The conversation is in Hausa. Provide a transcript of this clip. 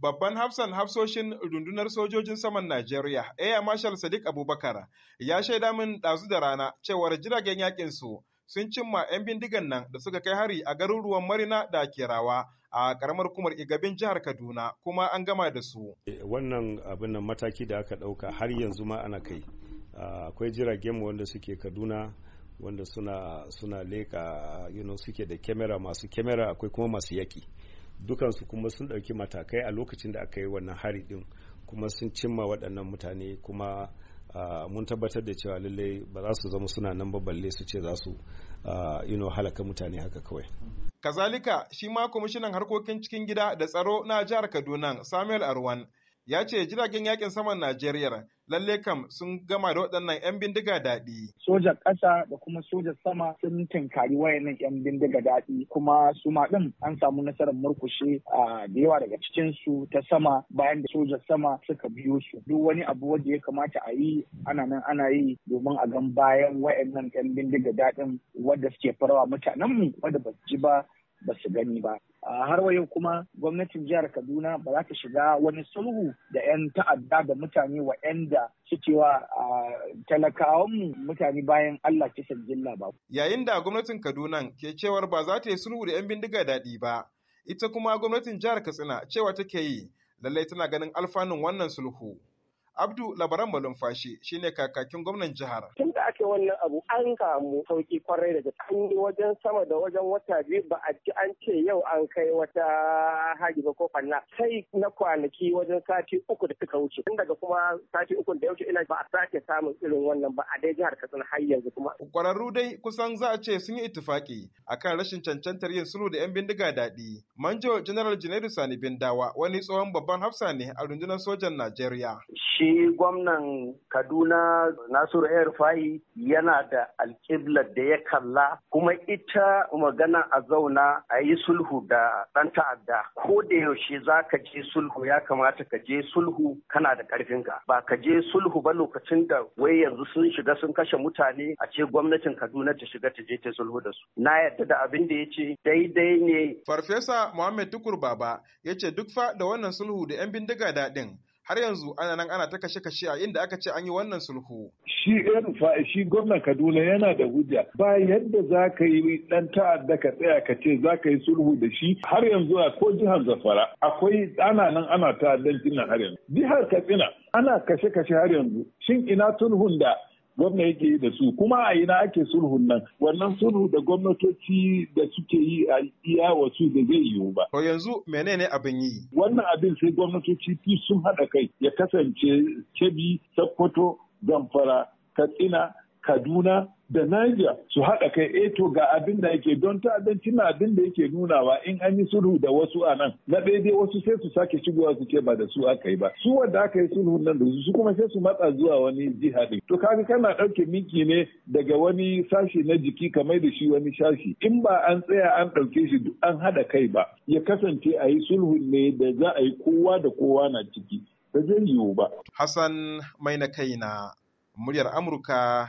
Babban hafsan hafsoshin rundunar sojojin saman Najeriya, Air Marshal Sadiq Abubakar, ya shaida min ɗazu da rana cewar jiragen yakin su sun cimma 'yan bindigan nan da suka kai hari a garuruwan Marina da Kerawa a karamar kumar Igabin jihar Kaduna kuma an gama da su. Wannan abin nan mataki da aka ɗauka har yanzu ma ana kai. Akwai jiragen wanda suke Kaduna wanda suna suna leka you know, suke da kyamara masu kyamara akwai kuma masu yaki. dukansu kuma sun ɗauki matakai a lokacin da aka yi wannan hari din kuma sun cimma waɗannan mutane kuma mun tabbatar da cewa lallai ba za su zama suna nan ba balle su ce za su ino halaka mutane haka kawai. Kazalika shi ma kwamishinan harkokin cikin gida da tsaro na jihar Kaduna Samuel Arwan ya ce jiragen yakin saman Najeriya lalle kam sun gama da waɗannan 'yan bindiga daɗi. Sojan ƙasa da kuma sojan sama sun tinkari wayannan 'yan bindiga daɗi kuma su ma ɗin an samu nasarar murkushe a da yawa daga cikin su ta sama bayan da sojan sama suka biyo su. Duk wani abu wanda ya kamata a yi ana nan ana yi domin a gan bayan wayannan 'yan bindiga daɗin wadda suke farawa mutanen mu wadda ba ji ba ba su gani ba har wayo kuma gwamnatin jihar kaduna ba za ta shiga wani sulhu da 'yan ta'adda da mutane wa'yanda suke wa talakawanmu mutane bayan allah kisan jilla ba yayin da gwamnatin kaduna ke cewar ba za ta yi sulhu da 'yan bindiga daɗi ba ita kuma gwamnatin jihar katsina cewa take yi lallai tana ganin alfanun wannan sulhu Abdu Labaran Malumfashi shine kakakin gwamnan jihar. Tun da ake wannan abu an kamu sauki kwarai daga an yi wajen sama da wajen wata biyu ba a ji an ce yau an kai wata haji ba ko fanna sai na kwanaki wajen sati uku da suka wuce. Tun daga kuma sati uku da ya wuce ina ba a sake samun irin wannan ba a dai jihar Katsina har yanzu kuma. Kwararru dai kusan za a ce sun yi itifaki akan rashin cancantar yin sulhu da 'yan bindiga daɗi. Manjo General Janairu Sani Bindawa wani tsohon babban hafsa ne a rundunar sojan Najeriya. Shi gwamnan Kaduna Nasiru erfahi yana da alƙiblar da ya kalla kuma ita magana a zauna a yi sulhu da ɗan ta'adda ko da yaushe za ka je sulhu ya kamata ka je sulhu kana da ƙarfinka ba ka je sulhu ba lokacin da wai yanzu sun shiga sun kashe mutane a ce gwamnatin Kaduna ta shiga ta je ta sulhu da su na yarda da abin da ya ce daidai ne. Farfesa Muhammad Tukur Baba ya ce duk fa da wannan sulhu da 'yan bindiga daɗin har yanzu ana nan ana ta kashe-kashe a inda aka ce an yi wannan sulhu. Shi irin shi gwamnan Kaduna yana da hujja ba yadda za ka yi ɗan ta'adda ka tsaya ka ce za ka yi sulhu da shi har yanzu a ko jihar Zafara akwai ana nan ana ta'addan jinnan har yanzu. Jihar Katsina ana kashe-kashe har yanzu. Shin ina sulhun da gwamna yake yi da su kuma a ina ake sulhun nan wannan sulhu da gwamnatoci da suke yi a iya wasu da zai yiwu ba. To yanzu menene abin yi? Wannan abin sai gwamnatoci sun haɗa kai ya kasance Kebbi, Sokoto, Zamfara, Katsina, Kaduna, da Niger su haɗa kai eh to ga abin da yake don ta tuna abin da yake nunawa in an yi sulhu da wasu a nan na dai wasu sai su sake shigowa su ce ba da su aka yi ba su wanda aka yi sulhu nan da su kuma sai su matsa zuwa wani jiha ɗin to kaga kana ɗauke miki ne daga wani sashi na jiki kamar da shi wani sashi in ba an tsaya an ɗauke shi duk an haɗa kai ba ya kasance a yi sulhu ne da za a yi kowa da kowa na ciki ba zai yiwu ba. Hassan mai na kai na muryar Amurka